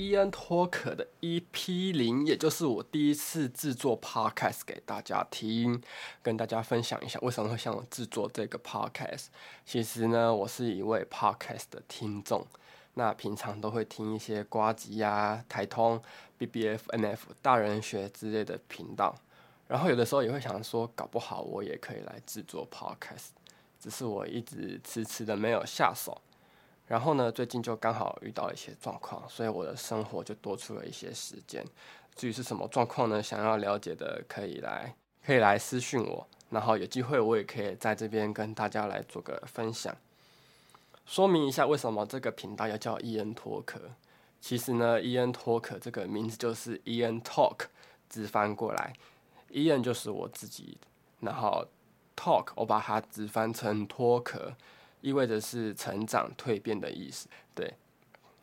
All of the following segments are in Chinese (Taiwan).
Ian Talker 的 EP 零，也就是我第一次製作 podcast 給大家聽，跟大家分享一下為什麼會想製作這個 podcast。其實呢，我是一位 podcast 的聽眾，那平常都會聽一些呱唧呀、啊、台通、BBF、NF 大人學之類的頻道，然後有的時候也會想說，搞不好我也可以來製作 podcast，只是我一直遲遲的沒有下手。然後呢，最近就剛好遇到了一些狀況，所以我的生活就多出了一些時間。至於是什麼狀況呢？想要了解的可以來，可以來私訊我，然後有機會我也可以在這邊跟大家來做個分享，說明一下為什麼這個頻道要叫 Ian 脫殼。其實呢，Ian 脫殼這個名字就是 Ian talk 直翻過來，Ian 就是我自己，然後 talk 我把它直翻成脫殼。意味着是成長蛻變的意思，對。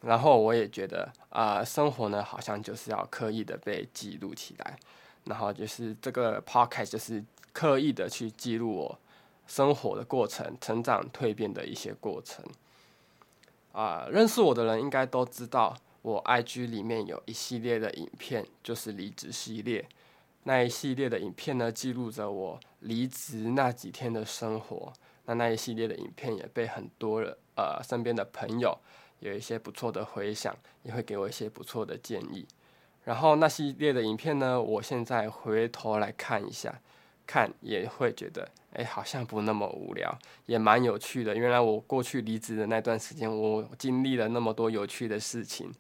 然後我也覺得啊、呃，生活呢，好像就是要刻意的被記錄起來，然後就是這個 podcast 就是刻意的去記錄我生活的過程、成長蛻變的一些過程。啊、呃，認識我的人應該都知道，我 IG 裡面有一系列的影片，就是離職系列。那一系列的影片呢，記錄着我離職那幾天的生活。那那一系列的影片也被很多人，呃，身邊的朋友有一些不錯的回響，也會給我一些不錯的建議。然後那系列的影片呢，我現在回頭來看一下，看也會覺得，哎，好像不那麼無聊，也蠻有趣的。原來我過去離職的那段時間，我經歷了那麼多有趣的事情。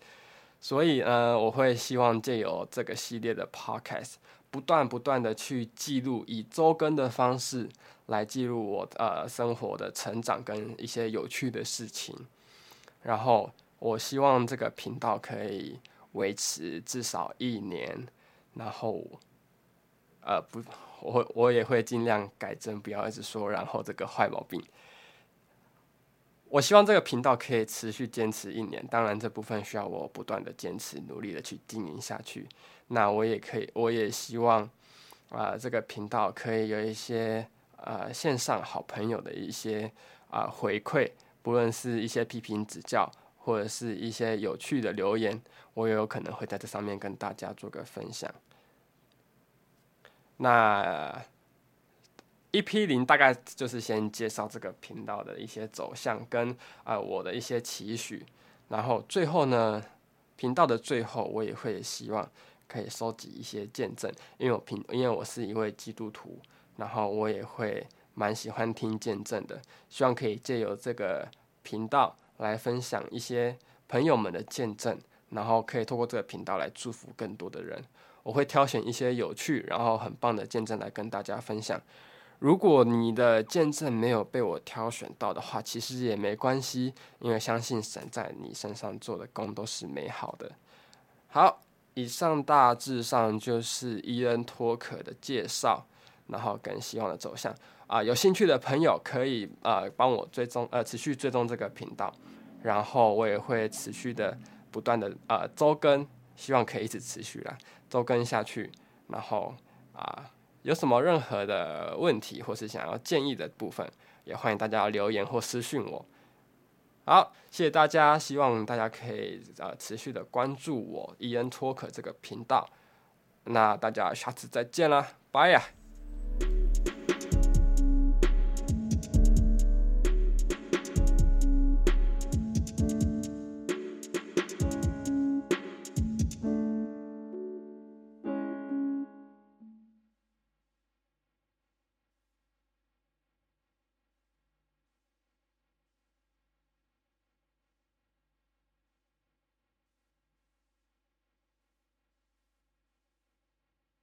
所以，呃，我會希望借由這個系列的 podcast，不斷不斷的去記錄，以周更的方式。來記錄我呃生活的成長跟一些有趣的事情，然後我希望這個頻道可以維持至少一年，然後呃，不，我我也會盡量改正，不要一直說然後這個壞毛病。我希望這個頻道可以持續堅持一年，當然這部分需要我不斷的堅持努力的去經營下去。那我也可以，我也希望啊，呃，這個頻道可以有一些。呃，線上好朋友的一些啊、呃、回饋，不論是一些批評指教，或者是一些有趣的留言，我也有可能會在這上面跟大家做個分享。那 EP0 大概就是先介紹這個頻道的一些走向跟啊、呃、我的一些期許，然後最後呢，頻道的最後我也會希望可以收集一些見證，因為我頻，因為我是一位基督徒。然後我也會蠻喜歡聽見證的，希望可以借由這個頻道來分享一些朋友們的見證，然後可以透過這個頻道來祝福更多的人。我會挑選一些有趣然後很棒的見證來跟大家分享。如果你的見證沒有被我挑選到的話，其實也沒關係，因為相信神在你身上做的工都是美好的。好，以上大致上就是伊恩托克的介紹。然後跟希望的走向啊、呃，有興趣的朋友可以呃幫我追蹤呃持續追蹤這個頻道，然後我也會持續的不斷的呃周更，希望可以一直持續啦周更下去。然後啊、呃、有什麼任何的問題或是想要建議的部分，也歡迎大家留言或私訊我。好，謝謝大家，希望大家可以呃持續的關注我 Ian Talk 這個頻道。那大家下次再見啦，拜呀、啊。